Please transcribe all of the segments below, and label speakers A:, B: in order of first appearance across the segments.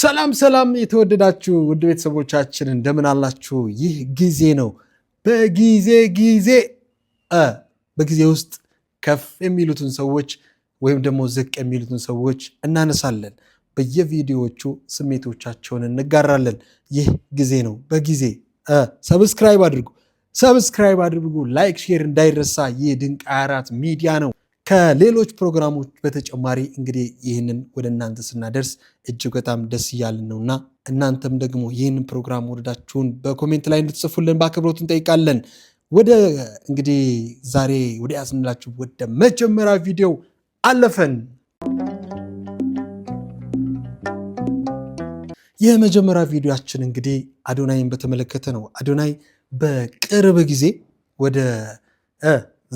A: ሰላም ሰላም የተወደዳችሁ ውድ ቤተሰቦቻችን እንደምን አላችሁ? ይህ ጊዜ ነው። በጊዜ ጊዜ በጊዜ ውስጥ ከፍ የሚሉትን ሰዎች ወይም ደግሞ ዝቅ የሚሉትን ሰዎች እናነሳለን። በየቪዲዮዎቹ ስሜቶቻቸውን እንጋራለን። ይህ ጊዜ ነው። በጊዜ ሰብስክራይብ አድርጉ፣ ሰብስክራይብ አድርጉ። ላይክ ሼር እንዳይረሳ። ይህ ድንቅ አራት ሚዲያ ነው። ከሌሎች ፕሮግራሞች በተጨማሪ እንግዲህ ይህንን ወደ እናንተ ስናደርስ እጅግ በጣም ደስ እያልን እና እናንተም ደግሞ ይህንን ፕሮግራም ወደዳችሁን በኮሜንት ላይ እንድትጽፉልን በአክብሮት እንጠይቃለን። ወደ እንግዲህ ዛሬ ወደ ያዝንላችሁ ወደ መጀመሪያ ቪዲዮ አለፈን። የመጀመሪያ ቪዲዮችን እንግዲህ አዶናይን በተመለከተ ነው። አዶናይ በቅርብ ጊዜ ወደ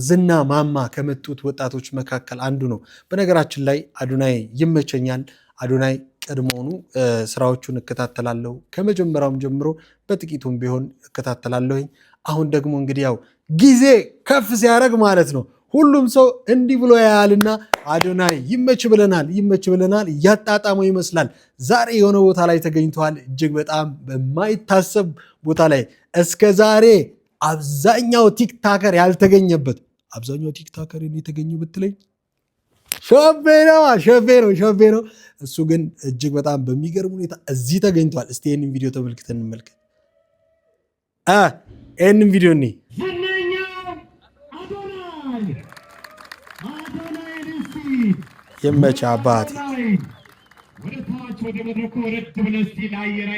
A: ዝና ማማ ከመጡት ወጣቶች መካከል አንዱ ነው። በነገራችን ላይ አዶናይ ይመቸኛል። አዶናይ ቀድሞውኑ ስራዎቹን እከታተላለሁ። ከመጀመሪያውም ጀምሮ በጥቂቱም ቢሆን እከታተላለሁኝ። አሁን ደግሞ እንግዲህ ያው ጊዜ ከፍ ሲያደርግ ማለት ነው ሁሉም ሰው እንዲህ ብሎ ያያልና አዶናይ ይመች ብለናል፣ ይመች ብለናል። እያጣጣመው ይመስላል። ዛሬ የሆነ ቦታ ላይ ተገኝተዋል። እጅግ በጣም በማይታሰብ ቦታ ላይ እስከ ዛሬ አብዛኛው ቲክታከር ያልተገኘበት አብዛኛው ቲክታከር የተገኙ ብትለኝ ሾፌ ነው ሾፌ ነው ሾፌ ነው። እሱ ግን እጅግ በጣም በሚገርም ሁኔታ እዚህ ተገኝቷል። እስቲ ይህንን ቪዲዮ ተመልክተን እንመልከት። ይህንን ቪዲዮ እኔ ይመች አባት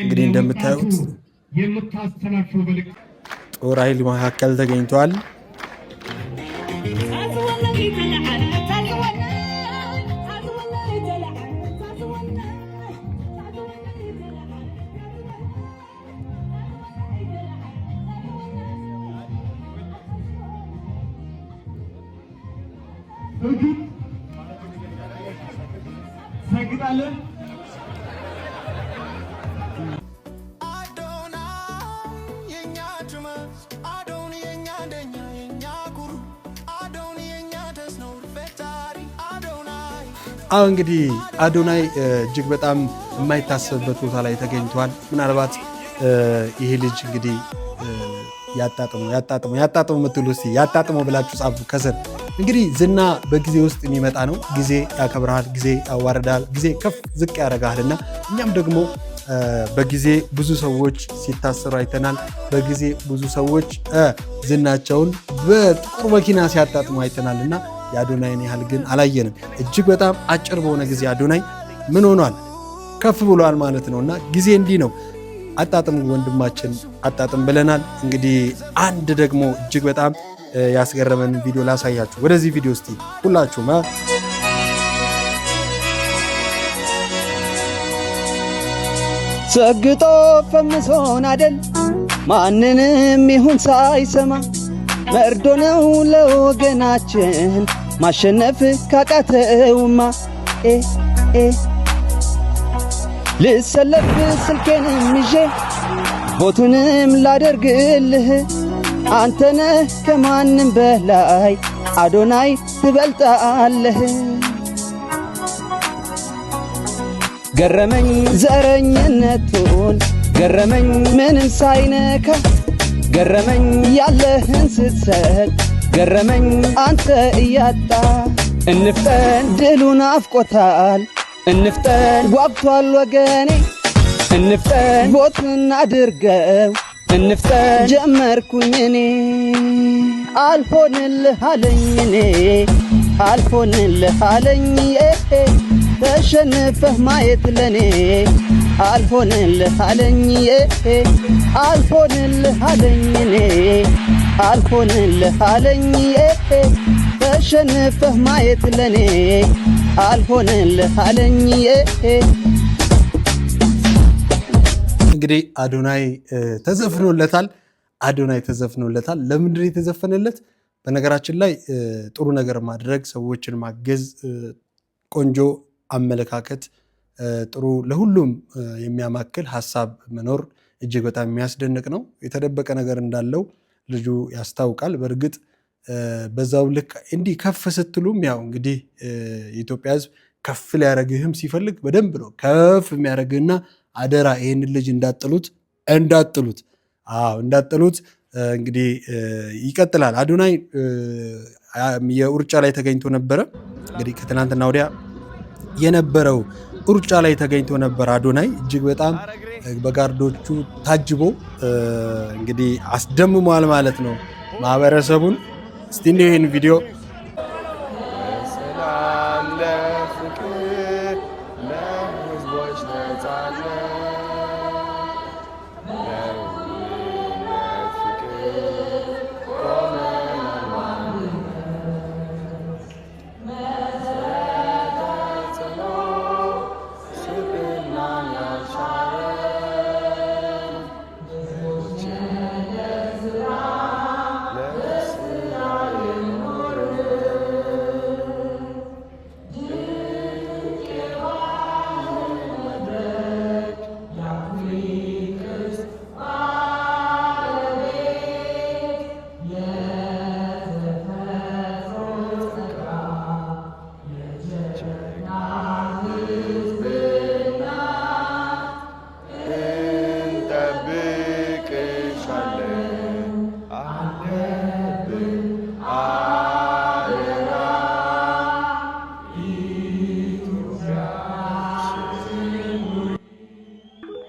A: እንግዲህ እንደምታዩት በጦር ኃይል መካከል ተገኝተዋል። አሁ እንግዲህ አዶናይ እጅግ በጣም የማይታሰብበት ቦታ ላይ ተገኝቷል። ምናልባት ይሄ ልጅ እንግዲህ ያጣጥሞ ያጣጥሞ ያጣጥሞ ምትሉ ስ ያጣጥሞ ብላችሁ ጻፉ ከስር። እንግዲህ ዝና በጊዜ ውስጥ የሚመጣ ነው። ጊዜ ያከብረሃል፣ ጊዜ ያዋርዳል፣ ጊዜ ከፍ ዝቅ ያደርጋል እና እኛም ደግሞ በጊዜ ብዙ ሰዎች ሲታሰሩ አይተናል። በጊዜ ብዙ ሰዎች ዝናቸውን በጥቁር መኪና ሲያጣጥሙ አይተናል እና የአዶናይን ያህል ግን አላየንም። እጅግ በጣም አጭር በሆነ ጊዜ አዶናይ ምን ሆኗል? ከፍ ብሏል ማለት ነው። እና ጊዜ እንዲህ ነው። አጣጥም ወንድማችን አጣጥም ብለናል። እንግዲህ አንድ ደግሞ እጅግ በጣም ያስገረመን ቪዲዮ ላሳያችሁ። ወደዚህ ቪዲዮ እስቲ ሁላችሁም ሰግጦ ፈምሶን አደል ማንንም ይሁን ሳይሰማ መርዶ ነው ለወገናችን ማሸነፍ ካቃተውማ ልሰለፍ ስልኬንም ይዤ ቦቱንም ላደርግልህ አንተነ ከማንም በላይ አዶናይ ትበልጣለህ። ገረመኝ ዘረኝነቱን ገረመኝ ምንም ሳይነካ ገረመኝ ያለህን ስትሰጥ ገረመኝ አንተ እያጣ እንፍጠን ድሉን አፍቆታል እንፍጠን ጓጉቷል ወገኔ እንፍጠን ቦትን አድርገው እንፍጠን ጀመርኩኝ እኔ አልሆንልህ አለኝ እኔ አልሆንልህ አለኝ ተሸንፈህ ማየት ለኔ አልሆንልህ አለኝ አልሆንልህ አለኝ እኔ አለኝ ተሸንፈህ ማየት ለኔ አለኝ። እንግዲህ አዶናይ ተዘፍኖለታል። አዶናይ ተዘፍኖለታል። ለምንድን የተዘፈነለት? በነገራችን ላይ ጥሩ ነገር ማድረግ፣ ሰዎችን ማገዝ፣ ቆንጆ አመለካከት፣ ጥሩ ለሁሉም የሚያማክል ሀሳብ መኖር እጅግ በጣም የሚያስደንቅ ነው። የተደበቀ ነገር እንዳለው ልጁ ያስታውቃል። በእርግጥ በዛው ልክ እንዲህ ከፍ ስትሉም ያው እንግዲህ የኢትዮጵያ ሕዝብ ከፍ ሊያደረግህም ሲፈልግ በደንብ ነው ከፍ የሚያደረግህና አደራ ይህንን ልጅ እንዳጥሉት እንዳጥሉት እንዳጥሉት። እንግዲህ ይቀጥላል። አዶናይ የውርጫ ላይ ተገኝቶ ነበረ። እንግዲህ ከትናንትና ወዲያ የነበረው ውርጫ ላይ ተገኝቶ ነበር አዶናይ እጅግ በጣም በጋርዶቹ ታጅቦ እንግዲህ አስደምሟል ማለት ነው ማህበረሰቡን። እስቲ ይህን ቪዲዮ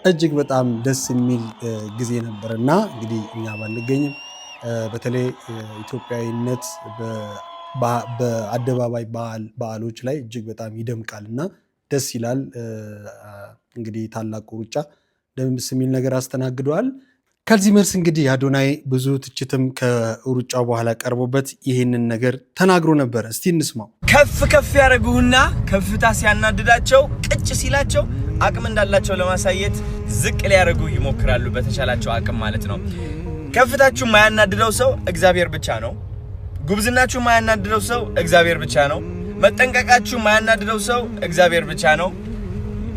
A: እጅግ በጣም ደስ የሚል ጊዜ ነበር እና እንግዲህ እኛ ባንገኝም በተለይ ኢትዮጵያዊነት በአደባባይ በዓሎች ላይ እጅግ በጣም ይደምቃል እና ደስ ይላል። እንግዲህ ታላቁ ሩጫ ደስ የሚል ነገር አስተናግደዋል። ከዚህ መልስ እንግዲህ አዶናይ ብዙ ትችትም ከሩጫው በኋላ ቀርቦበት ይህንን ነገር ተናግሮ ነበር። እስቲ እንስማው። ከፍ ከፍ ያደረጉህና ከፍታ ሲያናድዳቸው ቅጭ ሲላቸው አቅም እንዳላቸው ለማሳየት ዝቅ ሊያደርጉ ይሞክራሉ፣ በተቻላቸው አቅም ማለት ነው። ከፍታችሁ የማያናድደው ሰው እግዚአብሔር ብቻ ነው። ጉብዝናችሁ የማያናድደው ሰው እግዚአብሔር ብቻ ነው። መጠንቀቃችሁ የማያናድደው ሰው እግዚአብሔር ብቻ ነው።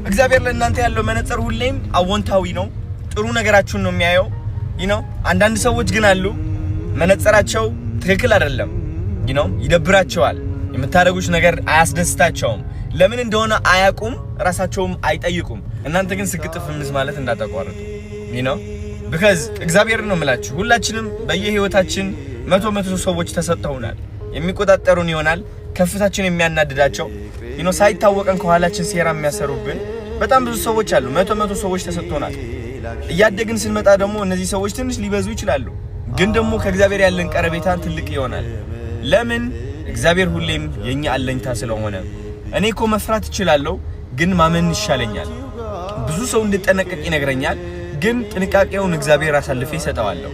A: እግዚአብሔር ለእናንተ ያለው መነጽር ሁሌም አዎንታዊ ነው። ጥሩ ነገራችሁን ነው የሚያየው። ይነው አንዳንድ ሰዎች ግን አሉ መነጽራቸው ትክክል አይደለም፣ ይነው ይደብራቸዋል። የምታደርጉት ነገር አያስደስታቸውም። ለምን እንደሆነ አያውቁም፣ ራሳቸውም አይጠይቁም። እናንተ ግን ስግጥፍ ምስ ማለት እንዳታቋርጡ ነው ብከዝ እግዚአብሔር ነው የምላችሁ። ሁላችንም በየህይወታችን መቶ መቶ ሰዎች ተሰጥተውናል። የሚቆጣጠሩን ይሆናል ከፍታችን የሚያናድዳቸው ይኖ ሳይታወቀን ከኋላችን ሴራ የሚያሰሩብን በጣም ብዙ ሰዎች አሉ። መቶ መቶ ሰዎች ተሰጥቶናል። እያደግን ስንመጣ ደግሞ እነዚህ ሰዎች ትንሽ ሊበዙ ይችላሉ። ግን ደግሞ ከእግዚአብሔር ያለን ቀረቤታ ትልቅ ይሆናል። ለምን? እግዚአብሔር ሁሌም የኛ አለኝታ ስለሆነ እኔ እኮ መፍራት እችላለሁ፣ ግን ማመን ይሻለኛል። ብዙ ሰው እንድጠነቀቅ ይነግረኛል፣ ግን ጥንቃቄውን እግዚአብሔር አሳልፌ ይሰጠዋለሁ።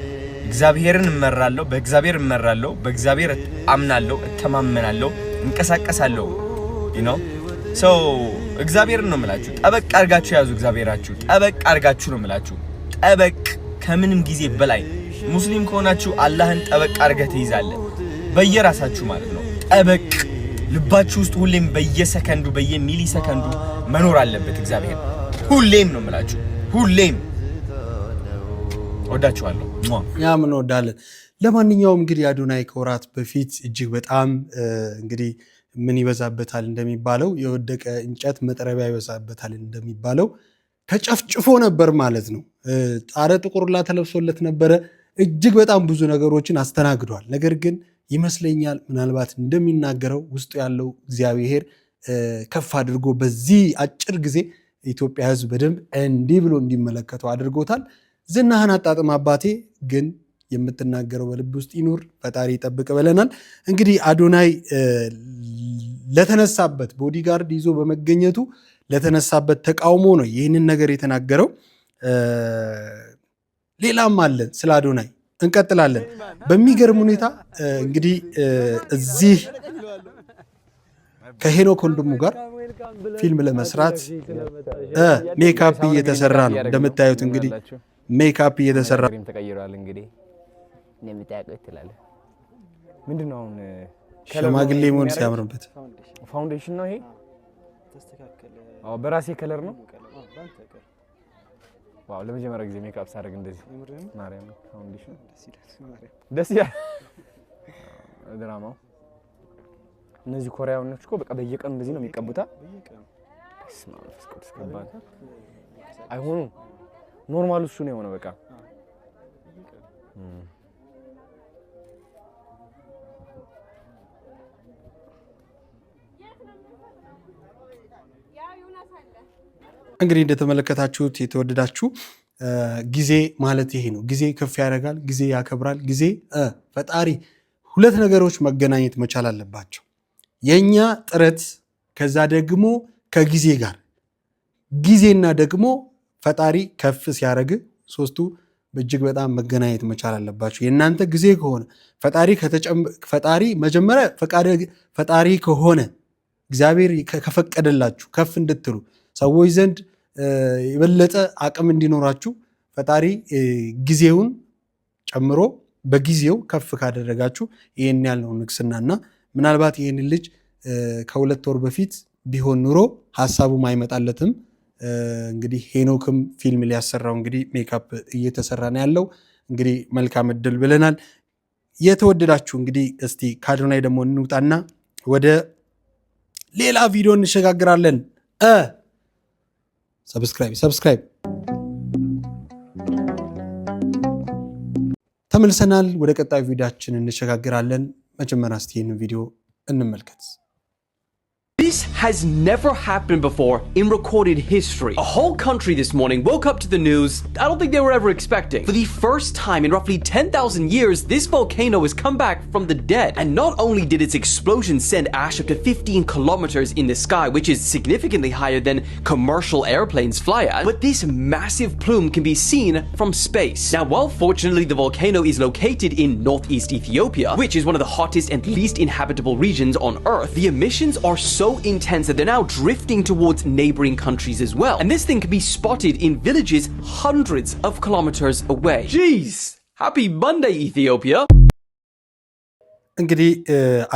A: እግዚአብሔርን እመራለሁ፣ በእግዚአብሔር እመራለሁ፣ በእግዚአብሔር አምናለሁ፣ እተማመናለሁ፣ እንቀሳቀሳለሁ። ነው ሰው እግዚአብሔርን ነው የምላችሁ። ጠበቅ አድርጋችሁ ያዙ። እግዚአብሔራችሁ ጠበቅ አድርጋችሁ ነው የምላችሁ። ጠበቅ ከምንም ጊዜ በላይ ሙስሊም ከሆናችሁ አላህን ጠበቅ አድርገህ ትይዛለህ። በየራሳችሁ ማለት ነው ጠበቅ ልባችሁ ውስጥ ሁሌም በየሰከንዱ በየሚሊ ሰከንዱ መኖር አለበት እግዚአብሔር። ሁሌም ነው የምላችሁ፣ ሁሌም ወዳችኋለሁ። ያ ምን ወዳለን። ለማንኛውም እንግዲህ አዶናይ ከወራት በፊት እጅግ በጣም እንግዲህ ምን ይበዛበታል እንደሚባለው የወደቀ እንጨት መጥረቢያ ይበዛበታል እንደሚባለው ተጨፍጭፎ ነበር ማለት ነው። ጣረ ጥቁርላ ተለብሶለት ነበረ። እጅግ በጣም ብዙ ነገሮችን አስተናግዷል። ነገር ግን ይመስለኛል። ምናልባት እንደሚናገረው ውስጡ ያለው እግዚአብሔር ከፍ አድርጎ በዚህ አጭር ጊዜ ኢትዮጵያ ሕዝብ በደንብ እንዲህ ብሎ እንዲመለከተው አድርጎታል። ዝናህን አጣጥም አባቴ ግን የምትናገረው በልብ ውስጥ ይኑር፣ ፈጣሪ ይጠብቅ ብለናል። እንግዲህ አዶናይ ለተነሳበት ቦዲጋርድ ይዞ በመገኘቱ ለተነሳበት ተቃውሞ ነው ይህንን ነገር የተናገረው። ሌላም አለን ስለ አዶናይ እንቀጥላለን። በሚገርም ሁኔታ እንግዲህ እዚህ ከሄኖክ ወንድሙ ጋር ፊልም ለመስራት ሜካፕ እየተሰራ ነው። እንደምታዩት እንግዲህ ሜካፕ እየተሰራ ሽማግሌ መሆን ሲያምርበት ፋውንዴሽን ነው ይሄ። በራሴ ከለር ነው ዋው! ለመጀመሪያ ጊዜ ሜካፕ ሳደርግ እንደዚህ ማርያም ፋውንዴሽን ደስ ይላል። ድራማው እነዚህ ኮሪያኖች እኮ በቃ በየቀኑ እንደዚህ ነው የሚቀቡታ። አይሆኑም። ኖርማሉ እሱ ነው የሆነ በቃ እንግዲህ እንደተመለከታችሁት የተወደዳችሁ ጊዜ ማለት ይሄ ነው። ጊዜ ከፍ ያደርጋል፣ ጊዜ ያከብራል። ጊዜ ፈጣሪ ሁለት ነገሮች መገናኘት መቻል አለባቸው። የእኛ ጥረት ከዛ ደግሞ ከጊዜ ጋር ጊዜና ደግሞ ፈጣሪ ከፍ ሲያደርግ ሶስቱ እጅግ በጣም መገናኘት መቻል አለባቸው። የእናንተ ጊዜ ከሆነ ፈጣሪ መጀመሪያ ፈጣሪ ከሆነ እግዚአብሔር ከፈቀደላችሁ ከፍ እንድትሉ ሰዎች ዘንድ የበለጠ አቅም እንዲኖራችሁ ፈጣሪ ጊዜውን ጨምሮ በጊዜው ከፍ ካደረጋችሁ ይህን ያልነው ንግስናና ምናልባት ይህን ልጅ ከሁለት ወር በፊት ቢሆን ኑሮ ሀሳቡም አይመጣለትም። እንግዲህ ሄኖክም ፊልም ሊያሰራው እንግዲህ ሜካፕ እየተሰራ ነው ያለው። እንግዲህ መልካም እድል ብለናል። የተወደዳችሁ እንግዲህ እስቲ ካድናይ ደግሞ እንውጣና ወደ ሌላ ቪዲዮ እንሸጋግራለን። ሰብስክራይብ ሰብስክራይብ። ተመልሰናል። ወደ ቀጣዩ ቪዲዮችን እንሸጋግራለን። መጀመሪያ እስቲ ቪዲዮ እንመልከት። This has never happened before in recorded history. A whole country this morning woke up to the news I don't think they were ever expecting. For the first time in roughly 10,000 years, this volcano has come back from the dead. And not only did its explosion send ash up to 15 kilometers in the sky, which is significantly higher than commercial airplanes fly at, but this massive plume can be seen from space. Now, while fortunately the volcano is located in northeast Ethiopia, which is one of the hottest and least inhabitable regions on Earth, the emissions are so intense that they're now drifting towards neighboring countries as well. And this thing can be spotted in villages hundreds of kilometers away. Jeez! Happy Monday, Ethiopia! እንግዲህ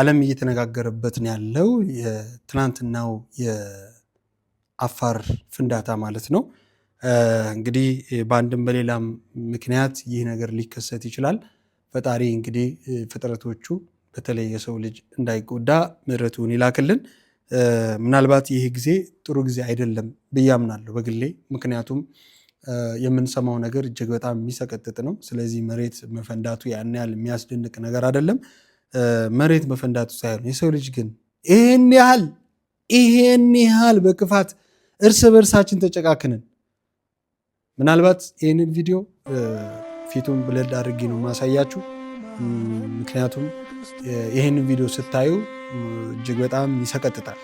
A: ዓለም እየተነጋገረበት ነው ያለው የትናንትናው የአፋር ፍንዳታ ማለት ነው። እንግዲህ በአንድም በሌላም ምክንያት ይህ ነገር ሊከሰት ይችላል። ፈጣሪ እንግዲህ ፍጥረቶቹ በተለይ የሰው ልጅ እንዳይጎዳ ምሕረቱን ይላክልን። ምናልባት ይህ ጊዜ ጥሩ ጊዜ አይደለም ብያምናለሁ አምናለሁ በግሌ። ምክንያቱም የምንሰማው ነገር እጅግ በጣም የሚሰቀጥጥ ነው። ስለዚህ መሬት መፈንዳቱ ያን ያህል የሚያስደንቅ ነገር አይደለም። መሬት መፈንዳቱ ሳይሆን የሰው ልጅ ግን ይህን ያህል ይሄን ያህል በክፋት እርስ በእርሳችን ተጨቃክንን። ምናልባት ይህንን ቪዲዮ ፊቱን ብለድ አድርጌ ነው ማሳያችሁ። ምክንያቱም ይህንን ቪዲዮ ስታዩ እጅግ በጣም ይሰቀጥጣል።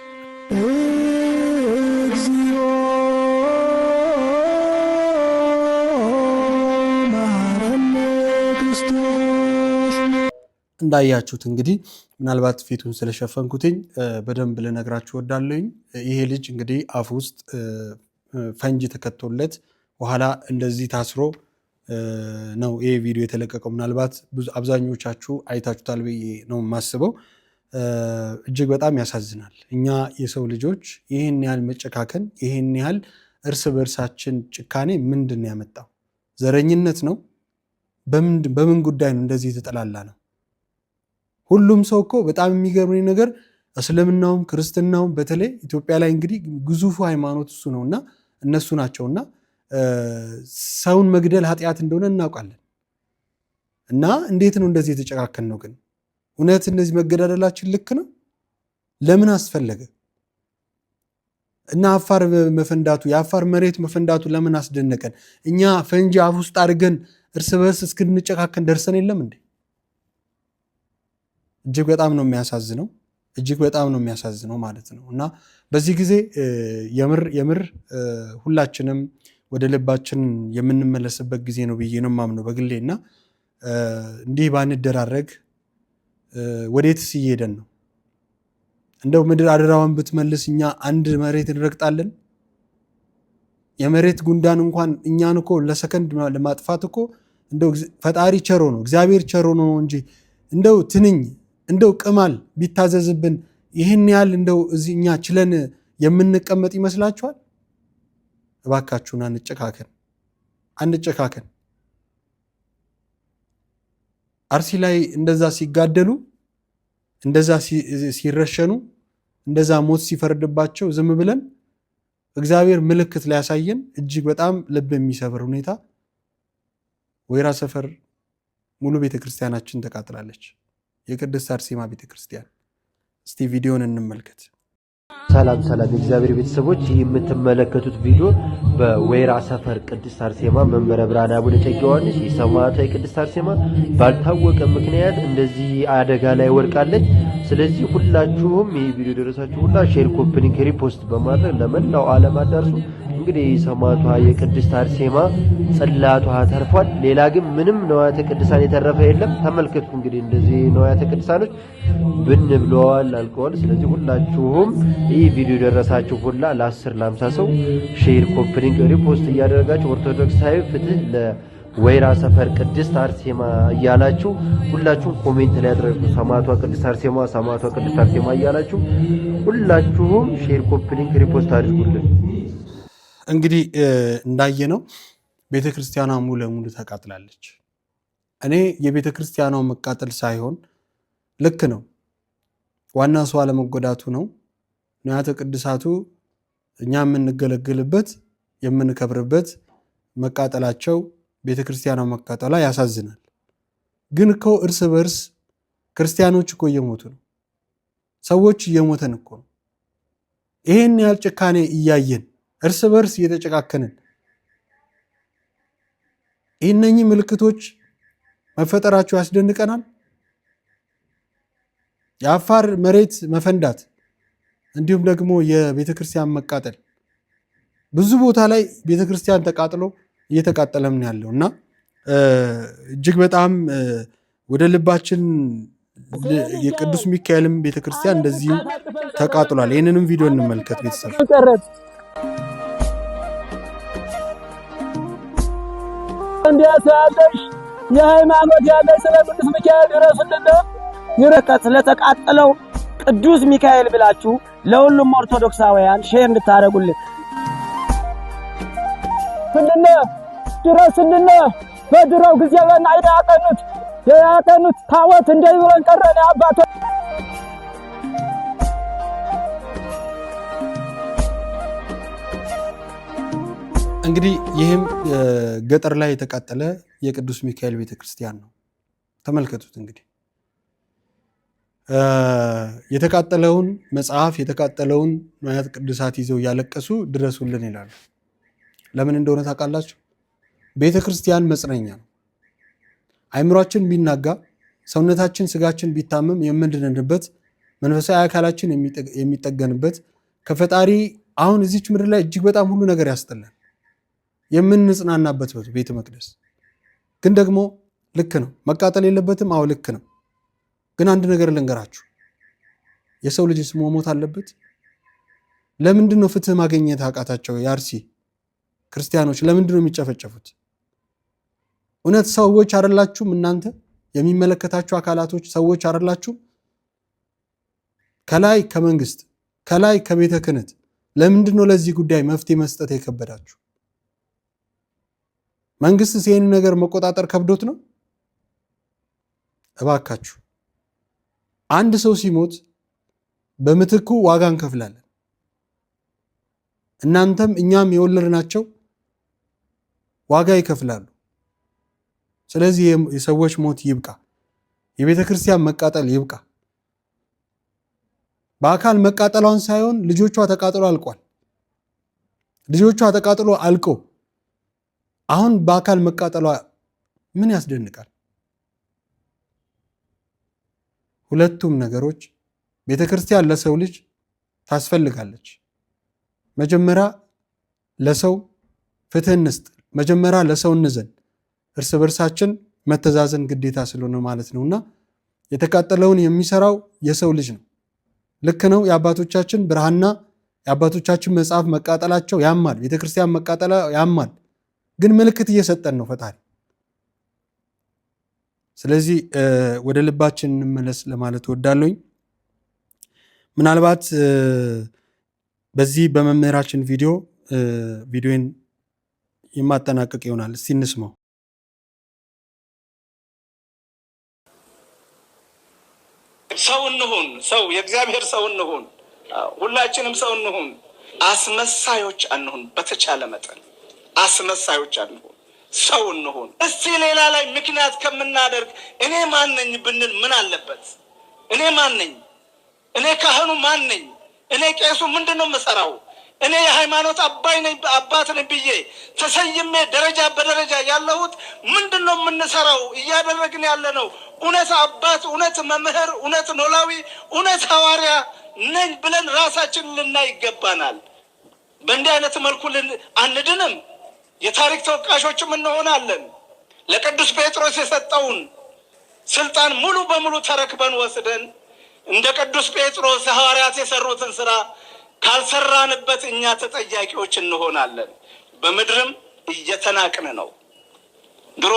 A: እንዳያችሁት እንግዲህ ምናልባት ፊቱን ስለሸፈንኩትኝ በደንብ ልነግራችሁ ወዳለኝ። ይሄ ልጅ እንግዲህ አፍ ውስጥ ፈንጅ ተከቶለት በኋላ እንደዚህ ታስሮ ነው ይሄ ቪዲዮ የተለቀቀው። ምናልባት አብዛኞቻችሁ አይታችሁታል ብዬ ነው የማስበው። እጅግ በጣም ያሳዝናል። እኛ የሰው ልጆች ይህን ያህል መጨካከን፣ ይህን ያህል እርስ በእርሳችን ጭካኔ ምንድን ነው ያመጣው? ዘረኝነት ነው? በምን ጉዳይ ነው እንደዚህ የተጠላላ ነው? ሁሉም ሰው እኮ በጣም የሚገርመኝ ነገር እስልምናውም ክርስትናውም በተለይ ኢትዮጵያ ላይ እንግዲህ ግዙፉ ሃይማኖት እሱ ነውእና እነሱ ናቸውእና ሰውን መግደል ኃጢአት እንደሆነ እናውቃለን። እና እንዴት ነው እንደዚህ የተጨካከን ነው ግን እውነት እነዚህ መገዳደላችን ልክ ነው? ለምን አስፈለገ? እና አፋር መፈንዳቱ የአፋር መሬት መፈንዳቱ ለምን አስደነቀን? እኛ ፈንጂ አፍ ውስጥ አድርገን እርስ በርስ እስክንጨካከን ደርሰን የለም እንዴ? እጅግ በጣም ነው የሚያሳዝነው። እጅግ በጣም ነው የሚያሳዝነው ማለት ነው። እና በዚህ ጊዜ የምር የምር ሁላችንም ወደ ልባችን የምንመለስበት ጊዜ ነው ብዬ ነው የማምነው በግሌ እና እንዲህ ባንደራረግ ወዴትስ እየሄደን ነው? እንደው ምድር አደራዋን ብትመልስ እኛ አንድ መሬት እንረግጣለን። የመሬት ጉንዳን እንኳን እኛን እኮ ለሰከንድ ለማጥፋት እኮ እንደው ፈጣሪ ቸሮ ነው እግዚአብሔር ቸሮ ነው እንጂ እንደው ትንኝ እንደው ቅማል ቢታዘዝብን ይህን ያህል እንደው እዚህ እኛ ችለን የምንቀመጥ ይመስላችኋል? እባካችሁን አንጨካከን፣ አንጨካከን። አርሲ ላይ እንደዛ ሲጋደሉ፣ እንደዛ ሲረሸኑ፣ እንደዛ ሞት ሲፈርድባቸው ዝም ብለን እግዚአብሔር ምልክት ሊያሳየን እጅግ በጣም ልብ የሚሰብር ሁኔታ ወይራ ሰፈር ሙሉ ቤተክርስቲያናችን ተቃጥላለች። የቅድስት አርሴማ ቤተክርስቲያን። እስቲ ቪዲዮን እንመልከት። ሰላም ሰላም የእግዚአብሔር ቤተሰቦች ይህ የምትመለከቱት ቪዲዮ በወይራ ሰፈር ቅድስት አርሴማ መንበረ ብርሃን አቡነ እጨጌ ዮሐንስ የሰማዕታዊ ቅድስት አርሴማ ባልታወቀ ምክንያት እንደዚህ አደጋ ላይ ወድቃለች። ስለዚህ ሁላችሁም ይህ ቪዲዮ ደረሳችሁ ሁላ ሼር፣ ኮፒ ሊንክ፣ ሪፖስት በማድረግ ለመላው ዓለም አዳርሱ። እንግዲህ ሰማዕቷ የቅድስት አርሴማ ጽላቷ ተርፏል። ሌላ ግን ምንም ነዋያተ ቅድሳን የተረፈ የለም። ተመልከቱ እንግዲህ እንደዚህ ነዋያተ ቅድሳኖች ብን ብለዋል፣ አልቀዋል። ስለዚህ ሁላችሁም ይህ ቪዲዮ ደረሳችሁ ሁላ ለ10 50 ሰው ሼር፣ ኮፕሊንግ፣ ሪፖስት እያደረጋችሁ ኦርቶዶክሳዊ ፍትህ ወይራ ሰፈር ቅድስት አርሴማ እያላችሁ ሁላችሁም ኮሜንት ላይ አድርጉ። ሰማዕቷ ቅድስት አርሴማ፣ ሰማዕቷ ቅድስት አርሴማ እያላችሁ ሁላችሁም ሼር ኮፒ ሊንክ ሪፖስት አድርጉልን። እንግዲህ እንዳየነው ቤተ ክርስቲያኗ ሙሉ ለሙሉ ተቃጥላለች። እኔ የቤተ ክርስቲያኗ መቃጠል ሳይሆን ልክ ነው፣ ዋና እሷ አለመጎዳቱ ነው። ንዋያተ ቅድሳቱ እኛ የምንገለግልበት የምንከብርበት መቃጠላቸው ቤተ ክርስቲያኗ መቃጠሏ ያሳዝናል። ግን እኮ እርስ በርስ ክርስቲያኖች እኮ እየሞቱ ነው። ሰዎች እየሞተን እኮ ነው። ይሄን ያህል ጭካኔ እያየን እርስ በርስ እየተጨካከንን እነኚህ ምልክቶች መፈጠራቸው ያስደንቀናል። የአፋር መሬት መፈንዳት እንዲሁም ደግሞ የቤተ ክርስቲያን መቃጠል ብዙ ቦታ ላይ ቤተ ክርስቲያን ተቃጥሎ እየተቃጠለም ያለው እና እጅግ በጣም ወደ ልባችን የቅዱስ ሚካኤልም ቤተክርስቲያን እንደዚሁ ተቃጥሏል። ይህንንም ቪዲዮ እንመልከት ቤተሰብ እንዴት ያለሽ የሃይማኖት ያለሽ ስለ ቅዱስ ሚካኤል ድረሱልን። ይረከት ለተቃጠለው ቅዱስ ሚካኤል ብላችሁ ለሁሉም ኦርቶዶክሳውያን ሼር እንድታረጉልን ስልነ ድረሱልን። በድሮው ጊዜ በናይዳ ያቀኑት ያቀኑት ታወት እንደይወን ቀረና አባቶች እንግዲህ ይህም ገጠር ላይ የተቃጠለ የቅዱስ ሚካኤል ቤተክርስቲያን ነው። ተመልከቱት እንግዲህ የተቃጠለውን መጽሐፍ የተቃጠለውን ንዋያተ ቅዱሳት ይዘው እያለቀሱ ድረሱልን ይላሉ። ለምን እንደሆነ ታውቃላችሁ? ቤተክርስቲያን መጽነኛ ነው። አይምሯችን ቢናጋ፣ ሰውነታችን ስጋችን ቢታመም የምንድንንበት መንፈሳዊ አካላችን የሚጠገንበት ከፈጣሪ አሁን እዚች ምድር ላይ እጅግ በጣም ሁሉ ነገር ያስጠላል። የምንጽናናበት ቤተ መቅደስ ግን ደግሞ ልክ ነው፣ መቃጠል የለበትም። አዎ ልክ ነው። ግን አንድ ነገር ልንገራችሁ፣ የሰው ልጅስ መሞት አለበት? ለምንድን ነው ፍትህ ማግኘት አቃታቸው? የአርሲ ክርስቲያኖች ለምንድን ነው የሚጨፈጨፉት? እውነት ሰዎች አይደላችሁም? እናንተ የሚመለከታችሁ አካላቶች ሰዎች አይደላችሁም? ከላይ ከመንግስት ከላይ ከቤተ ክህነት ለምንድን ነው ለዚህ ጉዳይ መፍትሄ መስጠት የከበዳችሁ? መንግስት ይህን ነገር መቆጣጠር ከብዶት ነው። እባካችሁ አንድ ሰው ሲሞት በምትኩ ዋጋ እንከፍላለን። እናንተም እኛም የወለድናቸው ዋጋ ይከፍላሉ። ስለዚህ የሰዎች ሞት ይብቃ፣ የቤተ ክርስቲያን መቃጠል ይብቃ። በአካል መቃጠሏን ሳይሆን ልጆቿ ተቃጥሎ አልቋል። ልጆቿ ተቃጥሎ አልቀው አሁን በአካል መቃጠሏ ምን ያስደንቃል? ሁለቱም ነገሮች ቤተ ክርስቲያን ለሰው ልጅ ታስፈልጋለች። መጀመሪያ ለሰው ፍትህ እንስጥ፣ መጀመሪያ ለሰው እንዘን። እርስ በርሳችን መተዛዘን ግዴታ ስለሆነ ማለት ነው እና የተቃጠለውን የሚሰራው የሰው ልጅ ነው። ልክ ነው። የአባቶቻችን ብርሃና የአባቶቻችን መጽሐፍ መቃጠላቸው ያማል። ቤተክርስቲያን መቃጠላ ያማል። ግን ምልክት እየሰጠን ነው ፈጣሪ። ስለዚህ ወደ ልባችን እንመለስ ለማለት እወዳለሁኝ። ምናልባት በዚህ በመምህራችን ቪዲዮ ቪዲዮን የማጠናቀቅ ይሆናል። እስቲ እንስማው። ሰው እንሁን፣ ሰው የእግዚአብሔር ሰው እንሁን፣ ሁላችንም ሰው እንሁን፣ አስመሳዮች አንሁን በተቻለ መጠን አስመሳዮች አንሆን፣ ሰው እንሆን። እስቲ ሌላ ላይ ምክንያት ከምናደርግ እኔ ማን ነኝ ብንል ምን አለበት? እኔ ማን ነኝ? እኔ ካህኑ ማን ነኝ? እኔ ቄሱ ምንድን ነው የምሰራው? እኔ የሃይማኖት አባይ ነኝ አባት ነኝ ብዬ ተሰይሜ ደረጃ በደረጃ ያለሁት ምንድን ነው የምንሰራው? እያደረግን ያለ ነው እውነት አባት፣ እውነት መምህር፣ እውነት ኖላዊ፣ እውነት ሐዋርያ ነኝ ብለን ራሳችን ልናይ ይገባናል። በእንዲህ አይነት መልኩ አንድንም የታሪክ ተወቃሾችም እንሆናለን። ለቅዱስ ጴጥሮስ የሰጠውን ስልጣን ሙሉ በሙሉ ተረክበን ወስደን እንደ ቅዱስ ጴጥሮስ ሐዋርያት የሰሩትን ስራ ካልሰራንበት እኛ ተጠያቂዎች እንሆናለን።
B: በምድርም እየተናቅን ነው። ድሮ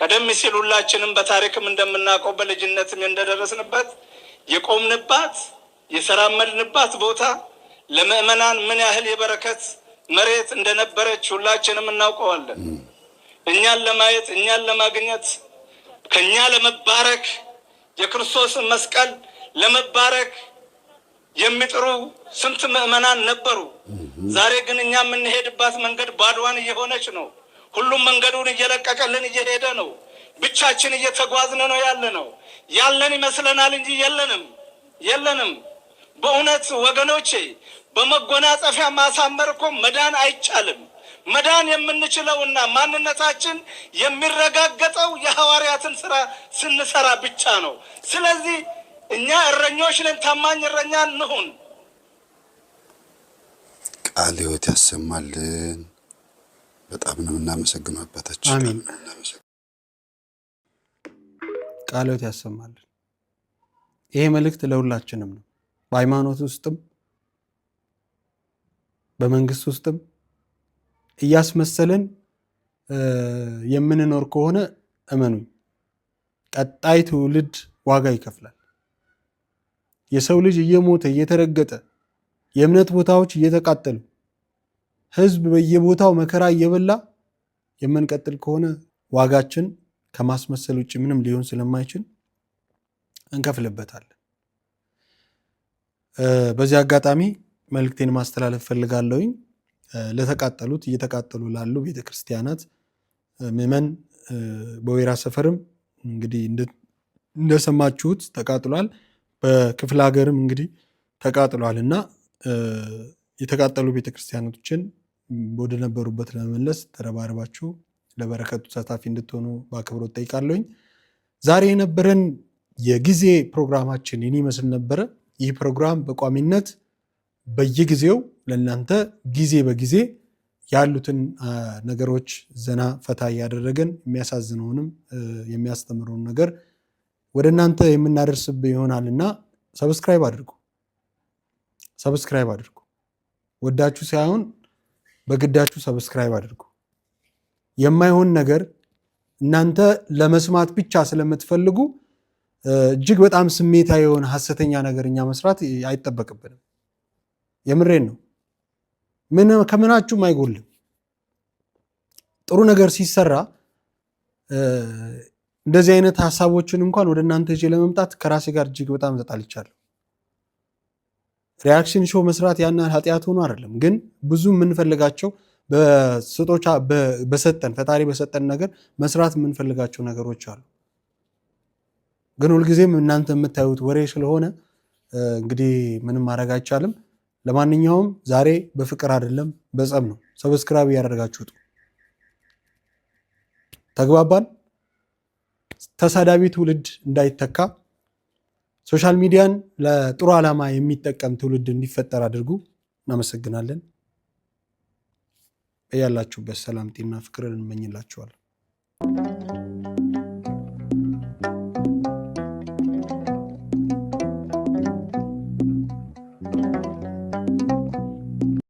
B: ቀደም ሲል ሁላችንም በታሪክም እንደምናውቀው በልጅነትም እንደደረስንበት የቆምንባት የሰራመድንባት ቦታ ለምእመናን ምን ያህል የበረከት መሬት እንደነበረች ሁላችንም እናውቀዋለን። እኛን ለማየት እኛን ለማግኘት ከእኛ ለመባረክ የክርስቶስን መስቀል ለመባረክ የሚጥሩ ስንት ምዕመናን ነበሩ። ዛሬ ግን እኛ የምንሄድባት መንገድ ባድዋን እየሆነች ነው። ሁሉም መንገዱን እየለቀቀልን እየሄደ ነው። ብቻችን እየተጓዝን ነው ያለ ነው። ያለን ይመስለናል እንጂ የለንም የለንም። በእውነት ወገኖቼ በመጎናጸፊያ ማሳመር እኮ መዳን አይቻልም። መዳን የምንችለውና ማንነታችን የሚረጋገጠው የሐዋርያትን ስራ ስንሰራ ብቻ ነው። ስለዚህ እኛ እረኞች ነን፣ ታማኝ እረኛ እንሁን። ቃል ሕይወት ያሰማልን። በጣም ነው የምናመሰግነው አባታችን።
A: ቃል ሕይወት ያሰማልን። ይሄ መልእክት ለሁላችንም ነው፣ በሃይማኖት ውስጥም በመንግስት ውስጥም እያስመሰልን የምንኖር ከሆነ እመኑኝ ቀጣይ ትውልድ ዋጋ ይከፍላል። የሰው ልጅ እየሞተ እየተረገጠ የእምነት ቦታዎች እየተቃጠሉ ህዝብ በየቦታው መከራ እየበላ የምንቀጥል ከሆነ ዋጋችን ከማስመሰል ውጭ ምንም ሊሆን ስለማይችል እንከፍልበታለን። በዚህ አጋጣሚ መልእክቴን ማስተላለፍ ፈልጋለሁኝ። ለተቃጠሉት እየተቃጠሉ ላሉ ቤተክርስቲያናት ምዕመን በወይራ ሰፈርም እንግዲህ እንደሰማችሁት ተቃጥሏል። በክፍለ ሀገርም እንግዲህ ተቃጥሏል እና የተቃጠሉ ቤተክርስቲያናቶችን ወደ ነበሩበት ለመመለስ ተረባርባችሁ ለበረከቱ ተሳታፊ እንድትሆኑ በአክብሮት ጠይቃለሁኝ። ዛሬ የነበረን የጊዜ ፕሮግራማችን ይህን ይመስል ነበረ። ይህ ፕሮግራም በቋሚነት በየጊዜው ለእናንተ ጊዜ በጊዜ ያሉትን ነገሮች ዘና ፈታ እያደረገን የሚያሳዝነውንም የሚያስተምረውን ነገር ወደ እናንተ የምናደርስብ ይሆናል እና ሰብስክራይብ አድርጉ። ሰብስክራይብ አድርጉ። ወዳችሁ ሳይሆን በግዳችሁ ሰብስክራይብ አድርጉ። የማይሆን ነገር እናንተ ለመስማት ብቻ ስለምትፈልጉ እጅግ በጣም ስሜታ የሆነ ሀሰተኛ ነገር እኛ መስራት አይጠበቅብንም። የምሬን ነው። ከምናችሁም አይጎልም። ጥሩ ነገር ሲሰራ እንደዚህ አይነት ሀሳቦችን እንኳን ወደ እናንተ ይዤ ለመምጣት ከራሴ ጋር እጅግ በጣም ተጣልቻለሁ። ሪያክሽን ሾው መስራት ያን ያህል ኃጢአት ሆኖ አይደለም፣ ግን ብዙ የምንፈልጋቸው በስጦቻ በሰጠን ፈጣሪ በሰጠን ነገር መስራት የምንፈልጋቸው ነገሮች አሉ። ግን ሁልጊዜም እናንተ የምታዩት ወሬ ስለሆነ እንግዲህ ምንም ማድረግ አይቻልም። ለማንኛውም ዛሬ በፍቅር አይደለም በጸብ ነው። ሰብስክራይብ እያደረጋችሁት ተግባባን። ተሳዳቢ ትውልድ እንዳይተካ ሶሻል ሚዲያን ለጥሩ ዓላማ የሚጠቀም ትውልድ እንዲፈጠር አድርጉ። እናመሰግናለን። ያላችሁበት ሰላም፣ ጤና፣ ፍቅርን እንመኝላችኋል።